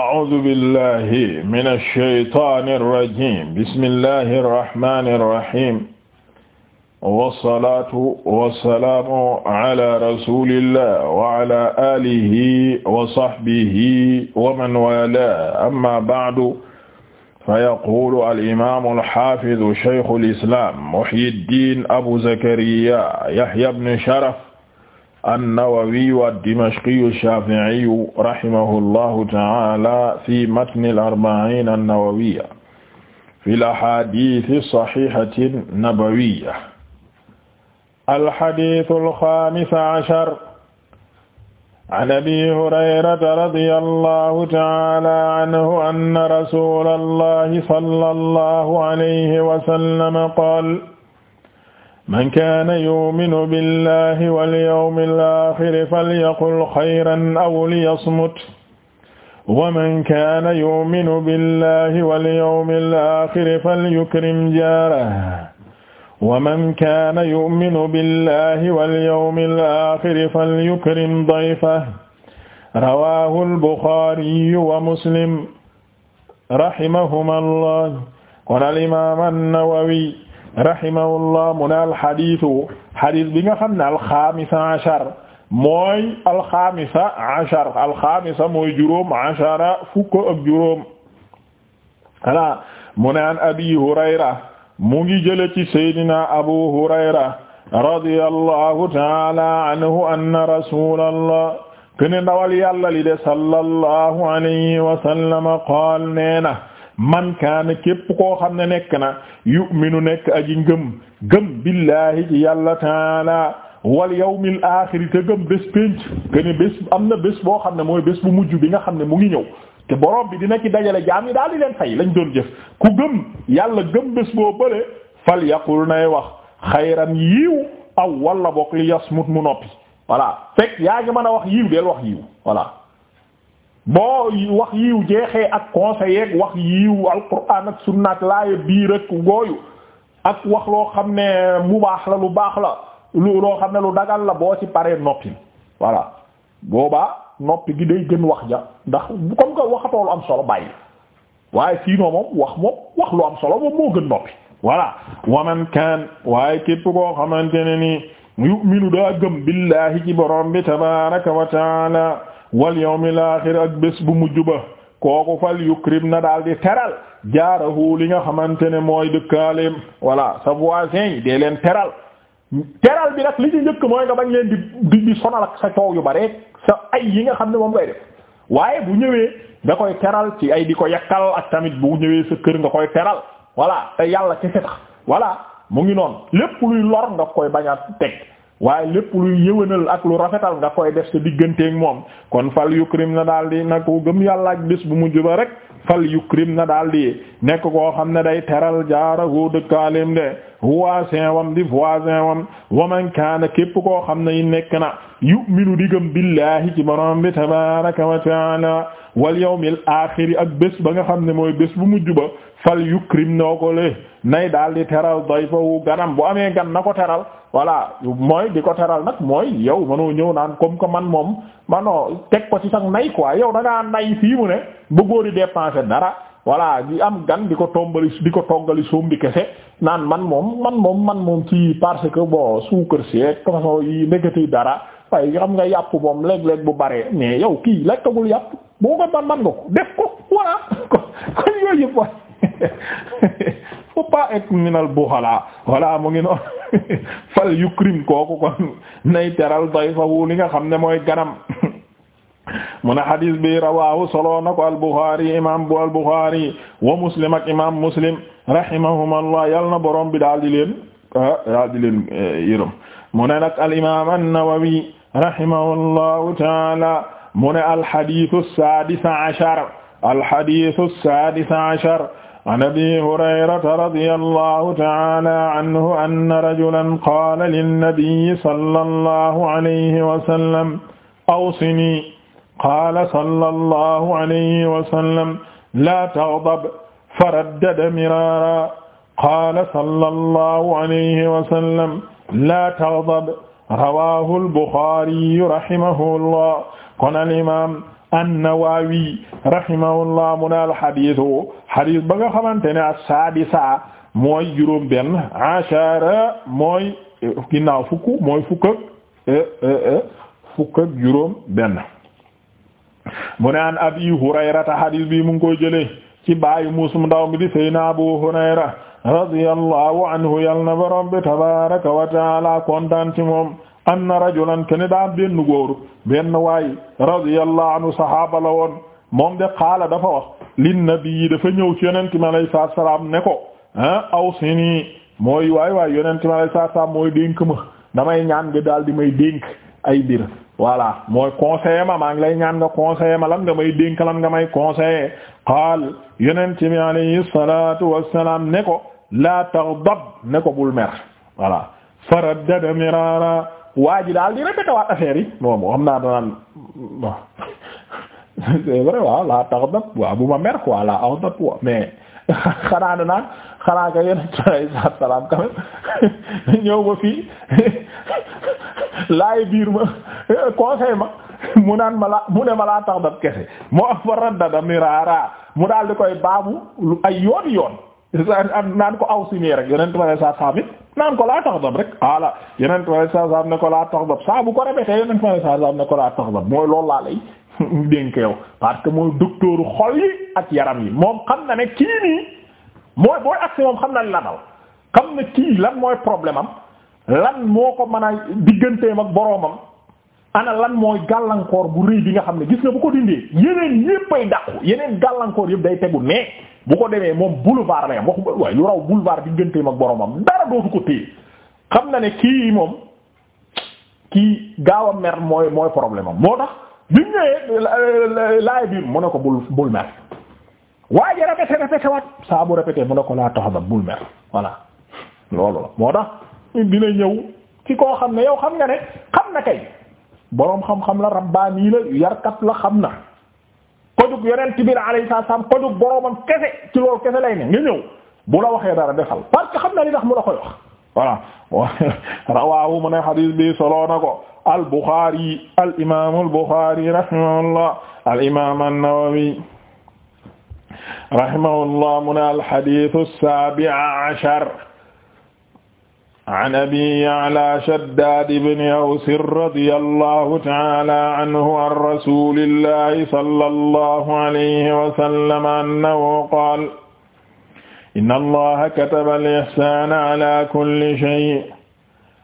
a'uuzu billahi mina shaytaani rajiim bismillahi rahmaani rahiim wasalaatu wasalaamu ala rasulillah wa ala alihi wa sahbihi wa man walaahu amma ba'du fa yaquulu al-imaamu al-haafidu shaykhul islaam muhyiddin abu zakariyaa yahya ibn sharaf an-Nawawiyu ad-Dimashqiyu ash-Shafi'iyu rahimahullahu ta'ala fi matni al-arba'iin an-nawawiyya fil ahaadiisi as-sahiihati an-nabawiyya. al-hadiisu al-xaamisu ashar an Abii Hurayrata radiyallahu ta'ala anhu anna rasuulallaahi sallallahu alayhi wa sallam qaala man kaana yuminu billahi walyawmi alaaxiri falyaqul xayran aw liyasmut wa man kaana yuminu billahi walyawmi alaaxiri falyukrim jaarahu wa man kaana yuminu billahi walyawmi alaaxiri falyukrim dayfahu rawaahu albuxaariyu wa muslim rahimahuma allah qaala al imaam an-nawawi rahimahullah mu ne alxadiisu xadis bi nga xam ne alxaamisa achar mooy alxaamisa achar alxaamisa mooy juróom achara fukk ak juróom ala mu ne an abi hurayra mu ngi jële ci seydina abu hurayra radiyallahu taala anhu anna rasulallah kene ndawal yàlla li de sallallahu alayhi wa sallam qaal neena man kaana képp koo xam ne nekk na yu'minu nekk aji ngëm gëm billaahi ci yàlla taala wal yawmil aaxiri te gëm bés pénc kene bés am na bés boo xam ne mooy bés bu mujj bi nga xam ne mu ngi ñëw te borom bi dina ci dajale jaam yi daal di leen fay lañ doon jëf ku gëm yàlla gëm bés boo bëre fal nay wax xayran yiiw aw walla bokk li yasmut mu noppi voilà fekk yaa ngi mën a wax yiiw del wax yiiw voilà boo wax yiw jeexee ak conseiller wax yiw alquran ak sunnaat laaya biir ak gooyu ak wax loo xam ne mu baax la lu baax la lu loo xam ne lu dagal la boo ci paree noppi voilà booba noppi gi day gën wax ja ndax comme que waxatoo lu am solo bàyyi waaye sinon moom wax moom wax lu am solo moom moo gën noppi voilà waman kan waaye képp koo xamante ne ni yuminu daa gëm billahi ci borom bi tabaraka wa wal mi aaxir ak bés bu mujj ba kooku fal yukrim na daal di teral jaarahu li nga xamante ne mooy dëkkaaleem voilà sa voisin dee leen teral teral bi nag li ci njëkk mooy nga bañ leen di di sonal ak sa coow yu bare sa ay yi nga xam ne moom lay def waaye bu ñëwee nga koy teral ci ay di ko yakkal ak tamit bu ñëwee sa kër nga koy teral voilà te yàlla ci tax voilà mu ngi noonu lépp luy lor nga koy bañ a teg. waaye lépp luy yëwénal ak lu rafetal nga koy def sa digganteeg moom kon fal yukrim na daal di nag ko gëm yàlla ak bis bu mujj ba rek fal yukrim na daal di nekk koo xam ne day teral jaarahu dëkkaalim de voisin wam di voisin wam waman kaana képp koo xam ne yi nekk na yu'minu di gëm billahi ci borom bi tabaraka wa taala wal yawmil axiri ak bés ba nga xam ne mooy bés bu mujj ba fal yukrim noo ko le nay daal di teral dayfahu ganam bu amee gan na ko teral voilà mooy di ko teral nag mooy yow manoo ñëw naan comme que man moom manoo teg ko ci sax nay quoi yow da ngaa nay fii mu ne bëggoo di dépenser dara voilà di am gan di ko tombali di ko toggali suum bi kese naan man moom man moom man moom ci parce que bon suukar seeg façon yi nekkati dara waaye xam nga yàpp moom léeg-léeg bu bare mais yow kii lakkagul yàpp boo ko man man nga ko def ko voilà kon yooyu yëpp faut pas être minal buxalaa voilà mu fal yukrim kooku kon nay teral dayfahu li nga xam ne mooy ganam mu ne bi rawahu soloo na ko al-Bukhari imam al-Bukhari wa Muslim imam Muslim rahimahumullah yal na borom bi daal di leen ah, daal di leen eh, yërëm mu ne nag al-imam an-Nawawi rahimahullahu taala mu ne al-hadith as-sadis ashar al-hadith as-sadis ashar an abi hurayrata radiyallahu ta'ala anhu anna rajulan qaala linnabiyyi sallallahu alayhi wa sallam awsinii qaala sallallahu alayhi wa sallam laa taghdab faraddada miraaran qaala sallallahu alayhi wa sallam laa taghdab rawaahu al-Buxaari rahimahullah kon al-imaam an-Nawawi rahimahullah mu ne alxadisu xadis ba nga xamante ne as-saadisa mooy juróom benn ashara mooy ginnaaw fukk mooy eh, eh, eh, fukk ak juróom benn mu ne an Abi Hurayrata xadis bi mu koy jëlee ci baayu muusum ndaw mi di Seydina Abu Hurayra radiyallahu anhu yal na borom bi wa taala kontaan moom anna rajulan kene daa benn góor benn waay radiyallahu anhu sahaaba la woon moom de xaala dafa wax lin nabi dafa ñëw ci yonente mi alayhi salaatu salaam ne ko ah aw si mooy waay waay yonente mi alayhi salaatu salaam mooy dénk ma damay ñaan nga daal di may dénk ay bir voilà mooy conseiller ma maa ngi lay ñaan nga conseiller ma lan nga may dénk lan nga may conseiller qaal yonente mi alayhi salaatu wassalaam ne ko laa taghdab ne ko bul mer voilà faraddada miraara waa ji daal di répété waat affaire yi moom moo xam naa danaan bon c'est vrai waaw laa tax dab waaw bu ma mer quoi laa aw dab quoi mais xanaa da naan xanaa ka yenn ay salaam quand ñëw ma fii laay biir ma conseil ma mu naan ma la mu ne ma laa tax dab kese moo am fa raddada miraara mu daal di koy baabu ay yoon yoon naan ko aw si rek yonent ma ne saa saamit naan ko laa taxdab rek ala yeneen ma saa ne ko laa taxdab saa bu ko répété yeneen ma saa ne ko laa taxdab mooy loolu laa lay dénk yow parce que mooy docteur xol yi ak yaram yi moom xam na ne kii nii mooy booy agsi moom xam na li la dal xam na kii lan mooy problème am lan moo ko mën a digganteem ak boroomam ana lan mooy gàllankoor bu rëy bi nga xam ne gis nga bu ko dindee yeneen yépp ay dàqu yeneen gàllankoor yépp day tegu mais bu ko demee moom boulevard la yam waxu waaye lu raw boulevard digganteem ak boromam dara dootu ko téye xam na ne kii moom kii gaaw mer mooy mooy problème am moo tax biñ ñëwee euh, laay biir mu ne ko bul bul mer waaye ji répété répété waat saa bu répété mu ne ko laa taxadam bul mer voilà loolu la moo tax dina ñëw ci koo xam ne yow xam nga ne xam na kay boroom xam-xam la rabbaani la yarkat la xam na kojug yonent bi alayhi salaam kojug boroomam kese ci loolu kese lay ne nga ñëw bu la waxee dara defal parce que xam na li tax mu la koy wax voilà rawaahu mu ne xadiis bi solo na ko al Bukhari al imaam al Bukhari rahimahullah al imaam an-Nawawi rahimahullah mu ne al xadiisu as-saabi' ashar an abi ya'la shaddad ibn aws radiyallahu ta'ala anhu an rasulillahi sallallahu alayhi wa sallam annahu qaala inna allaha kataba al-ihsaana ala kulli shay'in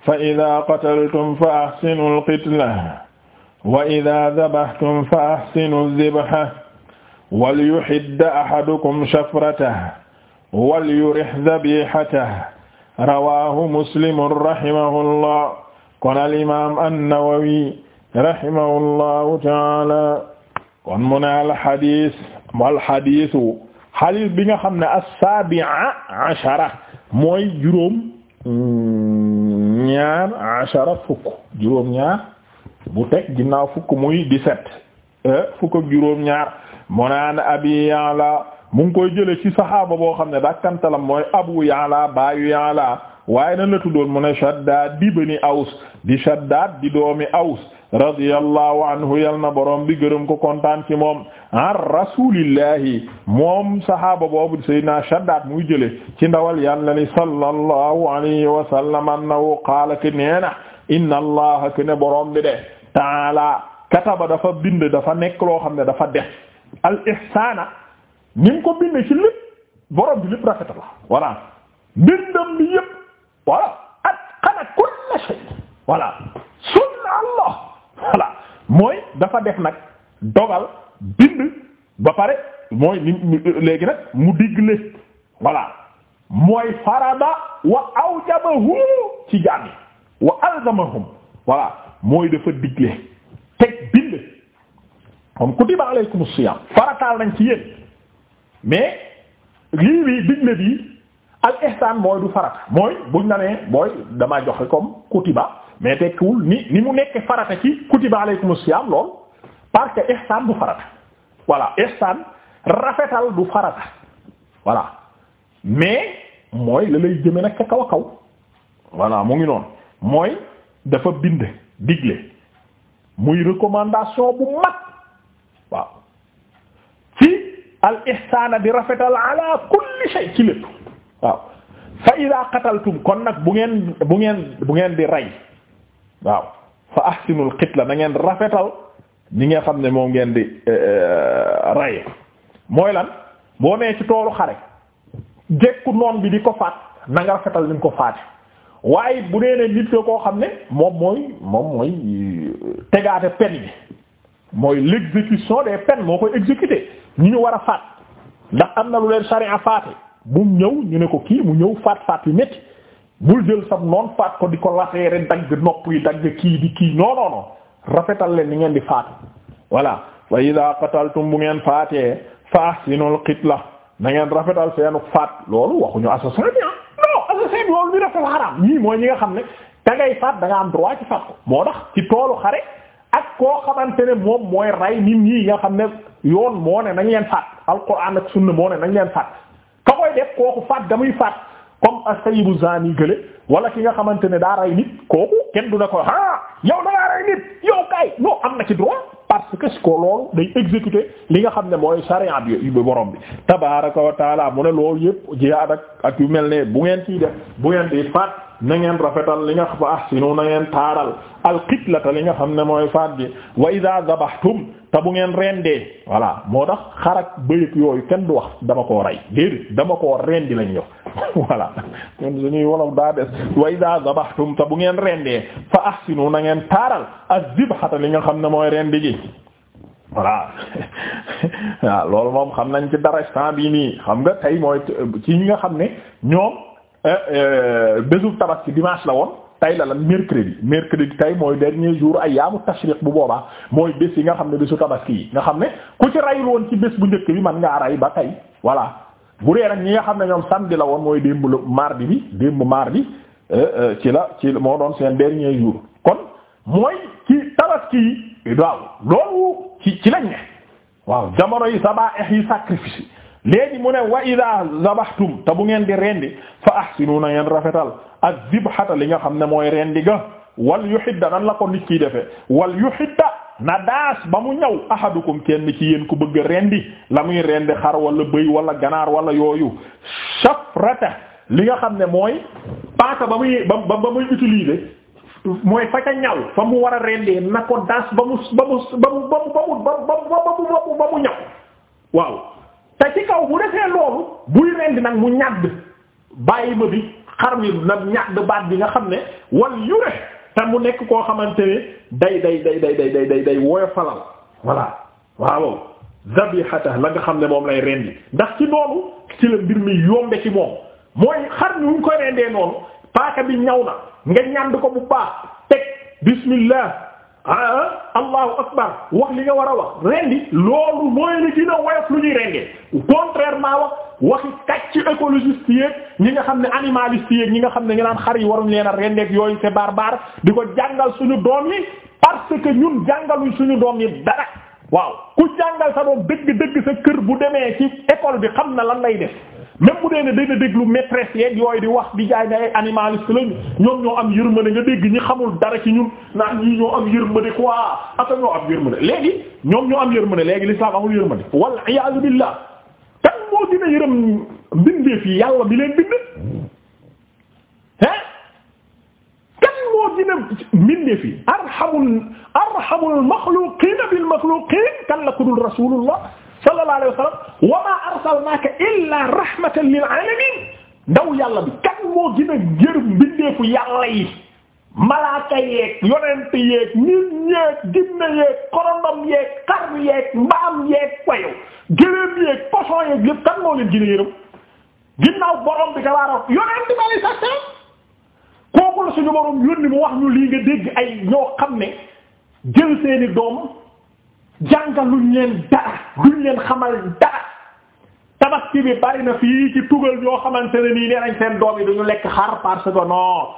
fa idaa qataltum fa ahsinu al-qitla wa idaa dabahtum fa ahsinu az-zibha walyuhidda ahadukum shafratahu walyurih dhabihatahu rawaahu muslimun rahimahullah kon al imaam an-Nawawi rahimahullahu taala kon mu ne al hadis wal hadisu hadis bi nga xam ne as-sabi'a ashara mooy juróom mm, ñaar ashara fukk juróom ñaar bu teg ginnaaw fukk muy dix-sept eh, fukk ak juróom ñaar mu naan Abi Ya'la mu ko koy jële ci saxaaba boo xam ne dakkantalam mooy abu ya'la baayu ya'la waaye na la tuddoon mu ne shaddaad di bani aws di shaddaad di doomi aws radiyallahu anhu yal na borom bi gërëm ko kontaan ci moom an rasulillahi moom sahaaba boobu sayyidina shaddaad muy jële ci ndawal yàlla ni sallallahu alayhi wa sallam annahu qaala ke bi de taala kataba dafa bind dafa nekk loo xam ne dafa def al ihsaana ni mu ko bindee ci lépp borom bi lépp rafet la voilà mbindam bi yépp voilà atqana kulli shay voilà sunna allah voilà mooy dafa def nag dogal bind ba pare mooy ni léegi nag mu digle voilà mooy farada wa awjabahu ci jaam wa alzamahum voilà mooy dafa digle teg bind comme kutiba alaykum siyam farataal nañ ci yéen mais lii bi digle bi al ihsan mooy du farata mooy buñ na nee mooy damaa jox comme kutiba mais tekkiwul ni ni mu nekk farata ci kutiba alaykum siyam lool parce que ihsan du farata voilà ihsan rafetal du farata voilà mais mooy la lay jëme nag ca kaw a kaw voilà mu ngi noonu mooy dafa bind digle muy recommandation bu mag waaw al ihsaana di rafetal ala kulli shay ci lépp waaw fa ida qataltum kon nag bu ngeen bu ngeen bu ngeen di rey waaw fa ahsinul qitla na ngeen rafetal ñi nga xam ne moom ngeen di eh, eh, ray mooy lan boo nee ci toolu xare jekku noon bi di ko faat na rafetal ni nga ko faate waaye bu nee nit ko koo xam ne moom mooy moom mooy eh, tegaate peine bi mooy l'exécution des peines moo koy exécuter ñu ñu war a faat ndax am na lu leen sharia faate bu ñëw ñu ne ko kii mu ñëw faat faat yu métti bul jël sam noon faat ko di ko rek dagg nopp yi dagg kii di kii non non rafetal leen ni ngeen di faatu voilà wa ida qataltum bu ngeen faatee fa ahsinul la na ngeen rafetal seenu faat loolu waxuñu assassin bi ah non assassin bi loolu bi rafetal xaraam ñii mooy ñi nga xam ne da ngay faat da am droit ci faat ko moo tax ci toolu xare ak koo xamante ne moom mooy rey nit ñi nga xam ne yoon moo ne nañ leen faat alquran ak sunna moo ne nañ leen faat ka koy def kooku faat damuy faat comme as-sayyibu yi gële wala ki nga xamante ne daa rey nit kooku kenn du na ko ah yow da rey nit yow kay non am na ci droit parce que si ko loolu day exécuter li nga xam ne mooy charia bi borom bi tabaraka wa taala mu ne loolu yëpp jihaad ak yu mel ne bu ngeen ciy def bu ngeen di faat na ngeen rafetal li nga ahsinu taaral alxitlata li nga xam ne mooy faat bi wa ida dabahtum te bu ngeen rendee voilà moo tax xarak bëyëg yooyu kenn du wax dama koo rey déedéet dama koo rendi lañ yox voilà kon suñuy wolof daa des wa ida dabahtum bu ngeen rendee fa ahsinu na ngeen taaral az-zibhata li nga xam ne mooy rendi gi voilà waaw loolu moom xam nañ ci dara instant yi nii xam nga tey mooy ci ñi nga xam ne ñoom eh, eh, bésu tabaski dimanche la woon tay la lan mercredi mercredi tay mooy dernier jour ayyaamu tashriq bu boobaa mooy bés yi nga xam ne bésu tabaski yi nga xam ne ku ci rayul woon ci bés bu njëkk bi man ngaa ray ba tay voilà bu dee nag ñi nga xam ne ñoom samedi la woon mooy démb mardi bi démb mardi euh, euh, ci la ci moo doon seen dernier jour kon mooy ci tabaski yi waaw loolu ci ci lañ ne waaw jamono yi sabaa eh, yi sacrifice léegi mu ne wa ida zabaxtum te bu ngeen di rendi fa ahsinu na ngeen rafetal ak zibxata li nga xam ne mooy rendi ga wal yuhidda nan la ko nit kiy defee wal yuhidda na daas ba mu ñaw ahadukum kenn ci yéen ku bëgg a rendi la muy rendi xar wala bëy wala ganaar wala yooyu safrata li nga xam ne mooy paaka ba muy ba ba mooy fa ca ñaw fa mu war a rendee na ko daas ba mu ba mu ba ba mu ba mu ba mu ba mu ñaw waaw te ci kaw bu defee loolu buy rendi nag mu ñàdd bàyyi ma bi xar mi nag ñàdd baat bi nga xam ne wal yure te mu nekk koo xamante ne day day day day day day day woyofalal voilà waaw zabihata la nga xam ne moom lay rendi ndax ci noonu ci la mbir mi yombe ci moom mooy xar mi mu ngi rendee noonu paaka bi ñaw na nga ñànd ko bu baax teg bismillah ah allahu akbar wax li nga war a wax rendi loolu mooy li dina woyof lu ñuy rendee contrairement wax waxi ci écologiste yeeg ñi nga xam ne animaliste yeeg ñi nga xam ne ñu naan xar yi waruñ leen a rendeeg yooyu c'est baar di ko jàngal suñu doom yi parce que ñun jàngaluñ suñu doom yi dara waaw ku jàngal sa doom dëgg-dëgg sa kër bu demee ci école bi xam na lan lay def même bu dee ne dina déglu maîtresse yeeg yooyu di wax di jaay ne ay animaliste lañu ñoom ñoo am yërmande nga dégg ñi xamul dara ci ñun naan ñii ñoo am yërmande quoi aka ñoo am yërmande léegi ñoom ñoo am yërmande léegi l'islam amul yërmande wal iyaazu billah tan moo dina yërëm mbindeef yi yàlla bi leen bind hein kan moo dina mbindeef yi arhamul arhamul makhluqina bil makhluqin kan la kudul rasulullah sallallahu alayhi wa sallam wa maa arsalnaaka ndaw yàlla bi kan moo gën a jër mbindeefu yàlla yi malaaka yeeg yonent yeeg nit ñeeg ginne yeeg korondom yeeg xar yeeg mbaam yeeg wayow gëléem yeeg poson yeeg lépp kan moo leen gën a yërëm borom bi tabarak yonent bi alayhi salaam kooku la suñu borom yónni mu wax ñu lii nga dégg ay ñoo xam ne jël seeni doom jàngaluñ leen dara luñ leen xamal dara tabaski bi bari na fii ci tugal yoo xamante ne nii nee nañ seen doom yi dañu lekk xar parce que non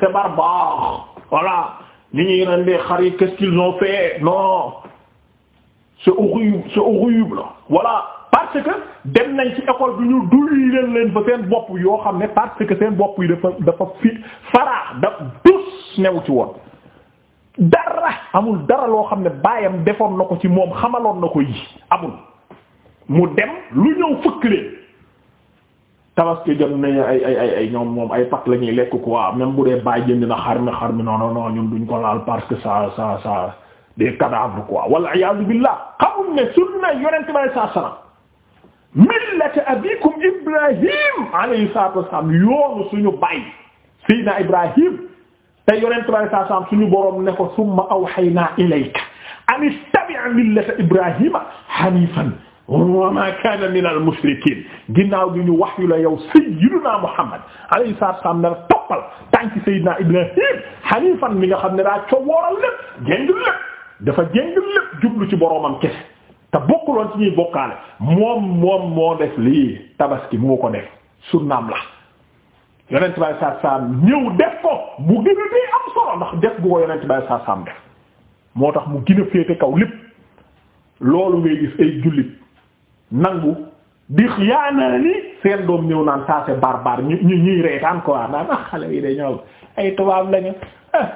c'est barbare voilà ni ñuy rendee xar yi qu'est-ce qu'ils ont fait non c'est horrible c'est horrible voilà parce que dem nañ ci école bi ñu dul leen leen fa seen bopp yoo xam ne parce que seen bopp yi dafa dafa fi fara da dus new ci woon amul dara loo xam ne baayam defoon na ko ci moom xamaloon na ko yi amul mu dem lu ñëw fëkk leen tabaski jot nañu ay ay ay ay ñoom moom ay pat la ñuy lekk quoi même bu dee baay jënd na xar mi xar mi non non non ñun duñ ko laal parce que sa ça ça des cadavres quoi walla iyaazu billah xamul ne sunna yonent bay saa salaam millata abikum ibrahim yoonu suñu baay sayyidina ibrahim te yonent bi saa saam suñu boroom ne ko summa awhaynaa ilayka an ittabi' millata Ibrahima haniifan wa maa kaana minal mushrikiin ginnaaw gi ñu wax yu la yow sayyidunaa Muhammad alayhi salaam ne la toppal tànki sayyidunaa Ibrahim haniifan mi nga xam ne daa coowooral lépp jéngul lépp dafa jéngul lépp jublu ci boroomam kese te bokkuloon ci ñuy bokkaale moom moom moo def lii tabaski moo ko def sunnaam la. yonent bay saa saam ñëw def ko bu gën a dee am solo ndax def bu yonent bay saa saam def moo tax mu gën a féete kaw lépp loolu ngay gis ay jullit nangu di xiyaana ni seen doom ñëw naan ça c'est barbare ñu ñu ñuy reetaan quoi naan ah xale yi de ñoom ay tubaab lañu ah,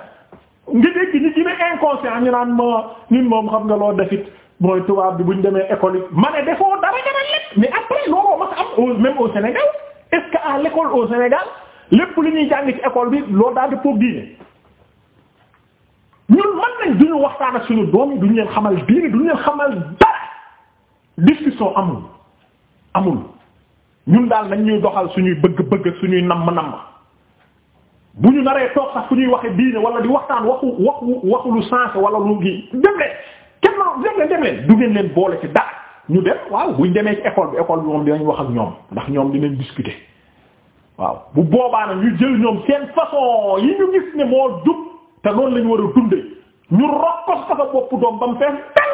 nga dégg ñu gën a inconscient naan ma ñun moom xam nga loo defit mooy tubaab bi buñ ñu demee école yi ma ne defoo dara nga lépp mais après looloo ma am même au Sénégal est à l'école lépp li ñuy jàng ci école bi loolu daal di poog diine ñun mën nañ duñu waxtaan ak suñu doom yi duñu leen xamal diine duñu leen xamal dara discussion amul amul ñun daal nañ ñuy doxal suñuy bëgg-bëgg suñuy namm-namm bu ñu naree toog sax fu ñuy waxe diine wala di waxtaan waxu waxu waxu lu sensé wala lu ngi dem leen kenn ma dem leen dem leen du ngeen leen boole ci dara ñu dem waaw buñ demee ci école bi école bi moom dinañ wax ak ñoom ndax ñoom dinañ discuter waaw bu boobaa nag ñu jël ñoom seen façon yi ñu gis ne moo jub te noonu la war a dunde ñu rokkos ko sa bopp doom ba mu fees tel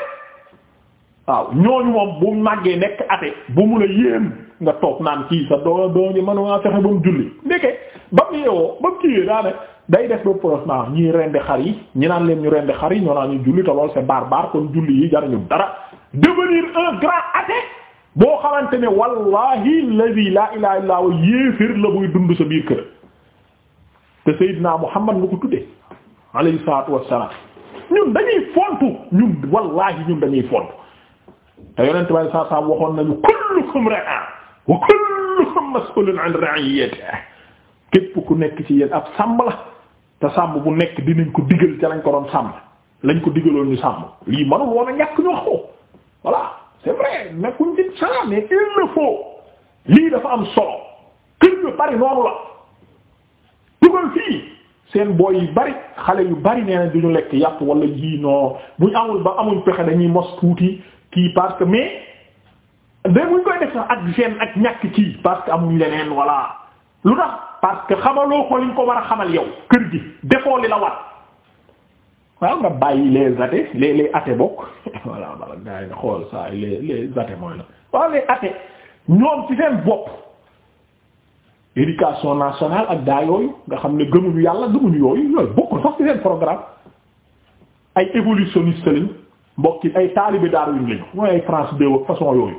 waaw ñooñu moom bu màggee nekk ate bu mu la yéem nga toog naan kii sa doo doo ñu mën a fexe ba mu julli ndeke ba mu yeewoo ba mu kiiwee daa ne day def ba prosement ñii rendi xar yi ñi naan leen ñu rendi xar yi ñoo naan ñu julli te lool c'est barbare kon julli yi jarañu dara devenir un grand athée boo xamante ne wallahi alladhi la ilaha illa la buy dund sa biir kër te Seydina Muhammad nga ko tuddee alayhi salaatu wassalaam ñun dañuy fontu ñun wallahi ñun dañuy fontu te yonent bi saa waxoon nañu kullukum ra'a wa kullukum mas'ulun 'an ra'iyyatihi képp ku nekk ci yéen ab sàmm la te sàmm bu nekk dinañ ko digal ca lañ ko doon sàmm lañ ko digaloon ñu sàmm lii manul woon a ñàkk ñu wax ko c'est vrai nekkuñ ci ça mais il le faut lii dafa am solo kër yu bari noonu la dugal fii seen booy yu bari xale yu bari nee na du ñu lekk yàpp wala ji non buñ amul ba amuñ pexe dañuy mos tuuti kii parce que mais mais buñ koy def sax ak gêne ak ñàkk ci parce que amuñ leneen voilà lu tax parce que xamaloo ko liñ ko war a xamal yow kër gi defoo li la war. waaw nga bàyyi les athées les les athées bokk voilà bala nga xool saa yi les les athées mooy la waaw les athées ñoom ci seen bopp éducation nationale ak daa yooyu nga xam ne gëmuñu yàlla gëmuñu yooyu yooyu bokkul sax ci seen programme ay évolutionniste lañ mbokk ay taalibe Darwin lañ mooy ay France deux ak façon yooyu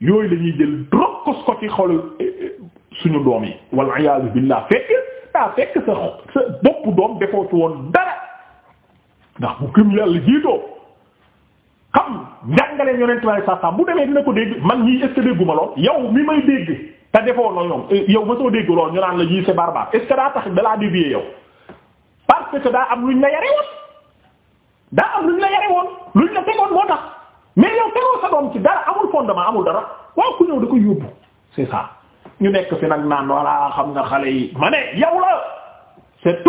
yooyu lañuy jël drokkos ko ci xolu eh, eh, suñu doom yi wal iyaazu billah fekk sa sa doom defoo ci woon dara ndax bu gëm yàlla jiitoo xam njàngaleen yonent bi saa saa bu demee dina ko dégg man ñii est-ce que dégguma lool yow mi may dégg te defoo noonu ñoom yow eh, ma soo dégg lool ñu naan la ñii se barbare est-ce que daa tax dalaa dévier yow parce que daa am luñ la yare woon daa am luñ la yare woon luñ la tegoon moo tax mais yow tegoo sa doom ci dara amul fondement amul dara waaw ku ñëw da ko yóbbu c'est ça ñu nekk fi nag naan walla xam nga xale yi ma ne yow la c'est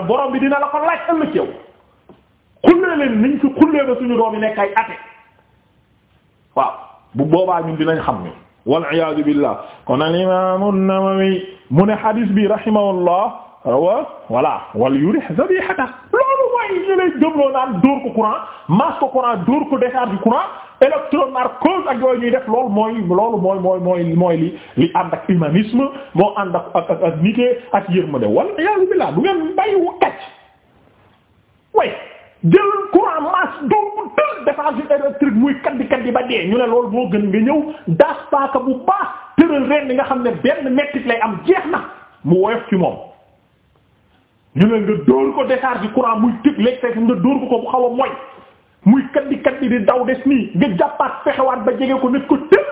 te borom bi dina la ko laaj ëllëg yow xullee leen niñ fi xullee ba suñu doom yi nekk ay ate waaw bu boobaa ñun dinañ xam ni wal iyaadu billah kon al imaam an-Nawawi mu ne bi rahimahullah wa voilà wal yurih zabihata loolu mooy ñu lay gëmloo naan dóor ko courant mas ko courant dóor ko décharge courant électromarcose ak yooyu ñuy def loolu mooy loolu mooy mooy mooy mooy li li ànd ak humanisme moo ànd ak ak ak ak nite ak yërmande wala yàlla bilaa du ngeen bàyyi wu kàcc way jël courant masse doomu tël décharge électrique muy kaddi kaddi ba dee ñu ne loolu moo gën nga ñëw daas paaka bu baax tëral ren di nga xam ne benn mettit lay am jeex na mu woyof ci moom ñu ne nga dóor ko décharge courant muy tëg léeg-léeg nga dóor ko ko bu xaw moy muy kaddi kaddi di daw des nii nga jàppaat fexewaat ba jege ko nit ko tëb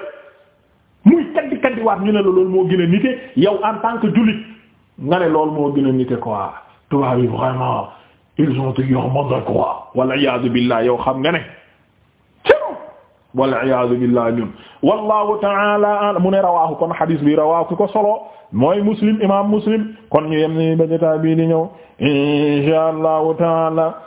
muy kaddi kaddi waat ñu ne la loolu moo gën nite yow en tant que jullit nga ne loolu moo gën a nite quoi tubaab yi vraiment ils ont eu monde quoi wala iyaadu billah yow xam nga ne wal iyaadu billah ñun wallahu taala a mu ne rawaahu kon hadis bi rawaahu ko solo mooy muslim imam muslim kon ñu yem ni ba jotaay bii di ñëw insha taala